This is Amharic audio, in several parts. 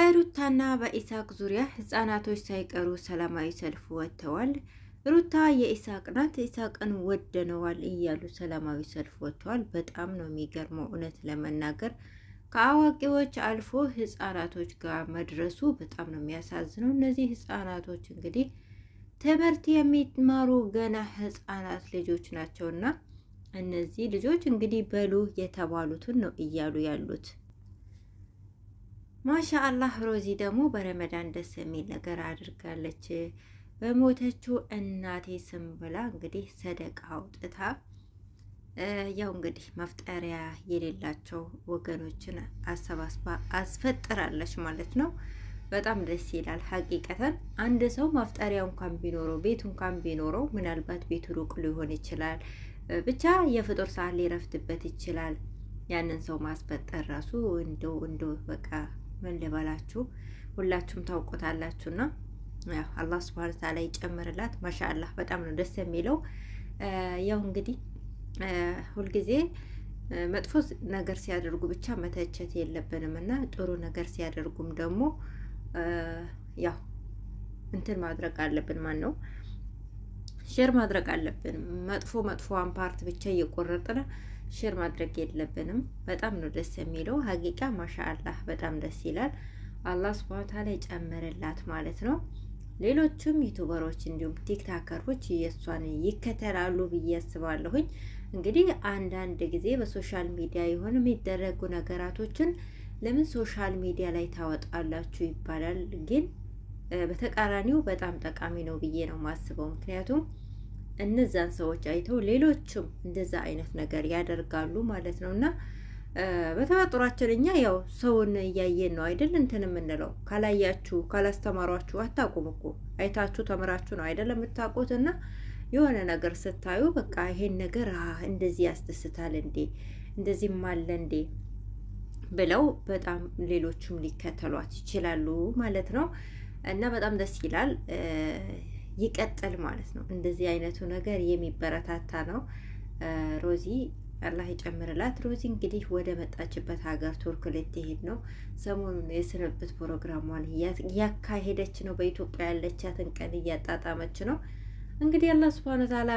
በሩታና በኢሳቅ ዙሪያ ህጻናቶች ሳይቀሩ ሰላማዊ ሰልፍ ወጥተዋል። ሩታ የኢሳቅ ናት፣ ኢሳቅን ወደነዋል እያሉ ሰላማዊ ሰልፍ ወጥተዋል። በጣም ነው የሚገርመው። እውነት ለመናገር ከአዋቂዎች አልፎ ህጻናቶች ጋር መድረሱ በጣም ነው የሚያሳዝነው። እነዚህ ህጻናቶች እንግዲህ ትምህርት የሚማሩ ገና ህጻናት ልጆች ናቸውና እነዚህ ልጆች እንግዲህ በሉ የተባሉትን ነው እያሉ ያሉት። ማሻ ሮዚ ደግሞ በረመዳን ደስ የሚል ነገር አድርጋለች። በሞተችው እናቴ ስም ብላ እንግዲህ ሰደቃ አውጥታ ያው እንግዲህ መፍጠሪያ የሌላቸው ወገኖችን አሰባስባ አስፈጥራለች ማለት ነው። በጣም ደስ ይላል። ሀቂቀተን አንድ ሰው መፍጠሪያ እንኳን ቢኖረው ቤቱ እንኳን ቢኖረው ምናልባት ቤቱ ሩቅ ሊሆን ይችላል፣ ብቻ የፍጡር ሰዓት ሊረፍትበት ይችላል። ያንን ሰው ማስፈጠር ራሱ እንደው እንደው በቃ ምን ልበላችሁ ሁላችሁም ታውቆታላችሁና አላህ ስብሃነ ተዓላ ይጨምርላት። ማሻአላህ በጣም ነው ደስ የሚለው። ያው እንግዲህ ሁልጊዜ መጥፎ ነገር ሲያደርጉ ብቻ መተቸት የለብንም እና ጥሩ ነገር ሲያደርጉም ደግሞ ያው እንትን ማድረግ አለብን። ማን ነው ሼር ማድረግ አለብን። መጥፎ መጥፎ አንፓርት ብቻ እየቆረጥን ሽር ማድረግ የለብንም። በጣም ነው ደስ የሚለው ሀቂቃ ማሻአላህ በጣም ደስ ይላል። አላህ ስብሃነ ወተዓላ ይጨምርላት ማለት ነው። ሌሎቹም ዩቱበሮች እንዲሁም ቲክታከሮች የእሷን ይከተላሉ ብዬ አስባለሁኝ። እንግዲህ አንዳንድ ጊዜ በሶሻል ሚዲያ የሆኑ የሚደረጉ ነገራቶችን ለምን ሶሻል ሚዲያ ላይ ታወጣላችሁ ይባላል። ግን በተቃራኒው በጣም ጠቃሚ ነው ብዬ ነው ማስበው ምክንያቱም እነዛን ሰዎች አይተው ሌሎችም እንደዛ አይነት ነገር ያደርጋሉ ማለት ነው እና በተፈጥሯችን እኛ ያው ሰውን እያየን ነው አይደል? እንትን የምንለው ካላያችሁ ካላስተማሯችሁ አታውቁም እኮ አይታችሁ ተምራችሁ ነው አይደል የምታውቁት። እና የሆነ ነገር ስታዩ በቃ ይሄን ነገር እንደዚህ ያስደስታል እንዴ እንደዚህም አለ እንዴ ብለው በጣም ሌሎችም ሊከተሏት ይችላሉ ማለት ነው እና በጣም ደስ ይላል። ይቀጥል ማለት ነው። እንደዚህ አይነቱ ነገር የሚበረታታ ነው። ሮዚ አላህ ይጨምርላት። ሮዚ እንግዲህ ወደ መጣችበት ሀገር ቱርክ ልትሄድ ነው። ሰሞኑን የስንብት ፕሮግራሟን እያካሄደች ነው። በኢትዮጵያ ያለቻትን ቀን እያጣጣመች ነው። እንግዲህ አላህ ስብሐነ ወተዓላ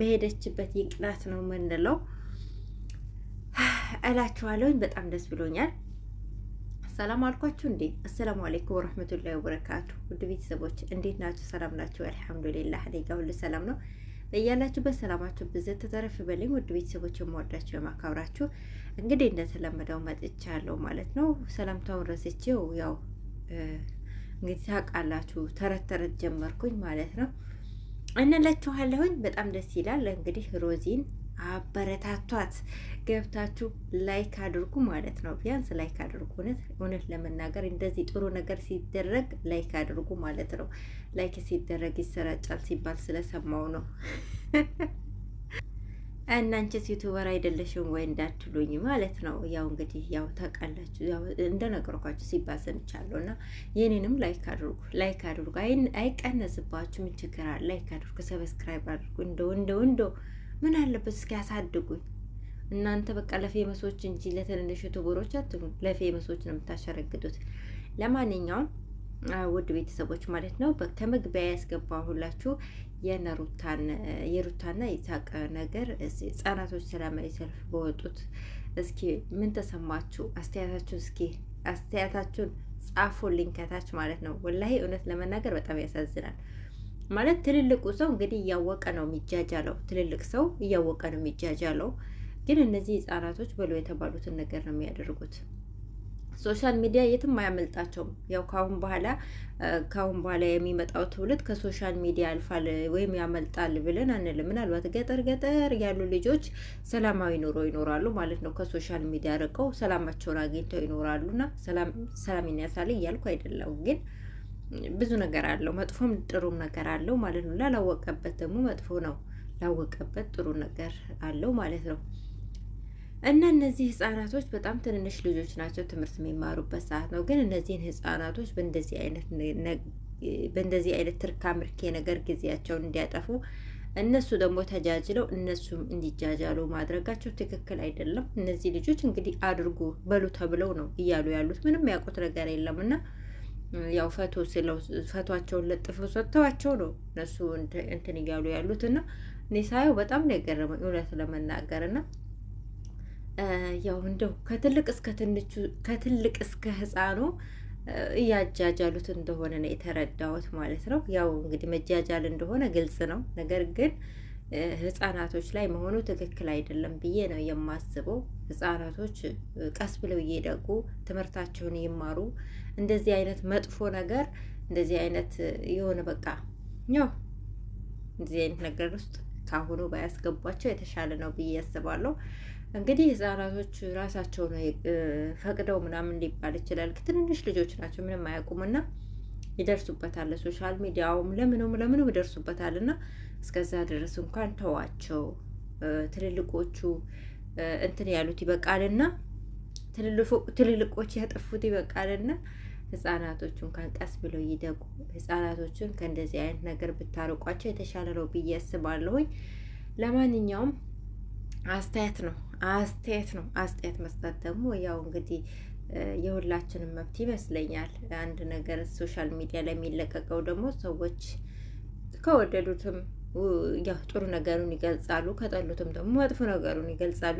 በሄደችበት ይቅናት ነው የምንለው እላችኋለሁኝ። በጣም ደስ ብሎኛል። ሰላም አልኳችሁ እንዴ? አሰላሙ አለይኩም ወረህመቱላሂ ወበረካቱ። ውድ ቤተሰቦች እንዴት ናችሁ? ሰላም ናችሁ? አልሐምዱሊላህ እኔ ጋ ሁሉ ሰላም ነው። በያላችሁበት በሰላማችሁ ብዝት ተተረፍ በልኝ። ውድ ቤተሰቦች የማወዳችሁ የማካብራችሁ፣ እንግዲህ እንደተለመደው መጥቻለሁ ማለት ነው። ሰላምታውን ረስቼው ያው እንግዲህ ታውቃላችሁ ተረት ተረት ጀመርኩኝ ማለት ነው። እንላችኋለሁኝ በጣም ደስ ይላል። እንግዲህ ሮዚን አበረታቷት። ገብታችሁ ላይክ አድርጉ ማለት ነው። ቢያንስ ላይክ አድርጉ። እውነት እውነት ለመናገር እንደዚህ ጥሩ ነገር ሲደረግ ላይክ አድርጉ ማለት ነው። ላይክ ሲደረግ ይሰራጫል ሲባል ስለሰማው ነው። እናንቺስ ዩቱበር አይደለሽም ወይ እንዳትሉኝ ማለት ነው። ያው እንግዲህ ያው ታውቃላችሁ፣ ያው እንደነገርኳችሁ ሲባል ሰምቻለሁ እና የኔንም ላይክ አድርጉ፣ ላይክ አድርጉ። አይቀነስባችሁ፣ ምን ችግር አለ? ላይክ አድርጉ፣ ሰብስክራይብ አድርጉ። እንደው እንደው እንደው ምን አለበት እስኪ ያሳድጉኝ እናንተ በቃ ለፌመሶች እንጂ ለትንንሽ ዩቱበሮች አትሉም። ለፌመሶች ነው የምታሸረግዱት። ለማንኛውም ውድ ቤተሰቦች ማለት ነው ከመግቢያ ያስገባሁላችሁ የሩታና የይስሐቅ ነገር ህጻናቶች ሰላማዊ ሰልፍ በወጡት እስኪ ምን ተሰማችሁ? አስተያየታችሁን እስኪ አስተያየታችሁን ጻፉልኝ ከታች ማለት ነው። ወላሂ እውነት ለመናገር በጣም ያሳዝናል። ማለት ትልልቁ ሰው እንግዲህ እያወቀ ነው የሚጃጃለው። ትልልቅ ሰው እያወቀ ነው የሚጃጃለው። ግን እነዚህ ህጻናቶች ብለው የተባሉትን ነገር ነው የሚያደርጉት። ሶሻል ሚዲያ የትም አያመልጣቸውም። ያው ካሁን በኋላ ካሁን በኋላ የሚመጣው ትውልድ ከሶሻል ሚዲያ ያልፋል ወይም ያመልጣል ብለን አንልም። ምናልባት ገጠር ገጠር ያሉ ልጆች ሰላማዊ ኑሮ ይኖራሉ ማለት ነው። ከሶሻል ሚዲያ ርቀው ሰላማቸውን አግኝተው ይኖራሉና ሰላም ያሳል እያልኩ አይደለም ግን ብዙ ነገር አለው። መጥፎም ጥሩም ነገር አለው ማለት ነው። ላላወቀበት ደግሞ መጥፎ ነው፣ ላወቀበት ጥሩ ነገር አለው ማለት ነው። እና እነዚህ ህጻናቶች በጣም ትንንሽ ልጆች ናቸው። ትምህርት የሚማሩበት ሰዓት ነው። ግን እነዚህን ህጻናቶች በእንደዚህ አይነት በእንደዚህ አይነት ትርካ ምርኬ ነገር ጊዜያቸውን እንዲያጠፉ እነሱ ደግሞ ተጃጅለው እነሱም እንዲጃጃሉ ማድረጋቸው ትክክል አይደለም። እነዚህ ልጆች እንግዲህ አድርጉ በሉ ተብለው ነው እያሉ ያሉት። ምንም ያውቁት ነገር የለም እና ያው ፈቶ ስለው ፈቷቸውን ለጥፈው ሰጥተዋቸው ነው እነሱ እንትን እያሉ ያሉት እና እኔ ሳየው በጣም ነው የገረመኝ እውነት ለመናገር እና ያው እንደው ከትልቅ እስከ ትንቹ ከትልቅ እስከ ህፃኑ እያጃጃሉት እንደሆነ ነው የተረዳሁት ማለት ነው። ያው እንግዲህ መጃጃል እንደሆነ ግልጽ ነው። ነገር ግን ህጻናቶች ላይ መሆኑ ትክክል አይደለም ብዬ ነው የማስበው። ህጻናቶች ቀስ ብለው እየደጉ ትምህርታቸውን ይማሩ። እንደዚህ አይነት መጥፎ ነገር እንደዚህ አይነት የሆነ በቃ ያው እንደዚህ አይነት ነገር ውስጥ ካሁኑ ባያስገቧቸው የተሻለ ነው ብዬ ያስባለሁ። እንግዲህ ህጻናቶች ራሳቸው ነው ፈቅደው ምናምን ሊባል ይችላል። ትንንሽ ልጆች ናቸው፣ ምንም አያውቁም እና ይደርሱበታል። ሶሻል ሚዲያውም ለምንም ለምንም ይደርሱበታል እና እስከዛ ድረስ እንኳን ተዋቸው። ትልልቆቹ እንትን ያሉት ይበቃልና ትልልቆች ያጠፉት ይበቃልና ህጻናቶቹን ቀስ ብለው ይደጉ። ህጻናቶቹን ከእንደዚህ አይነት ነገር ብታርቋቸው የተሻለ ነው ብዬ አስባለሁኝ። ለማንኛውም አስተያየት ነው አስተያየት ነው አስተያየት መስጠት ደግሞ ያው እንግዲህ የሁላችንም መብት ይመስለኛል። አንድ ነገር ሶሻል ሚዲያ ላይ የሚለቀቀው ደግሞ ሰዎች ከወደዱትም ያው ጥሩ ነገሩን ይገልጻሉ፣ ከጠሉትም ደግሞ መጥፎ ነገሩን ይገልጻሉ።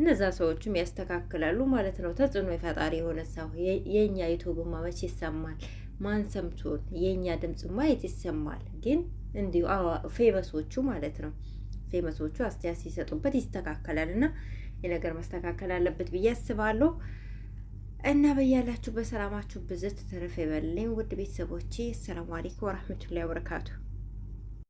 እነዛ ሰዎችም ያስተካክላሉ ማለት ነው። ተጽዕኖ የፈጣሪ የሆነ ሰው የእኛ ዩቱብማ ማመች ይሰማል? ማን ሰምቶን የእኛ ድምፅ ማየት ይሰማል። ግን እንዲሁ ፌመሶቹ ማለት ነው ፌመሶቹ አስተያየት ሲሰጡበት ይስተካከላል እና የነገር መስተካከል አለበት ብዬ አስባለሁ። እና በያላችሁ በሰላማችሁ ብዝት ተረፈ ይበልልኝ ውድ ቤተሰቦቼ። አሰላሙ አለይኩም ወረህመቱላሂ ወበረካቱ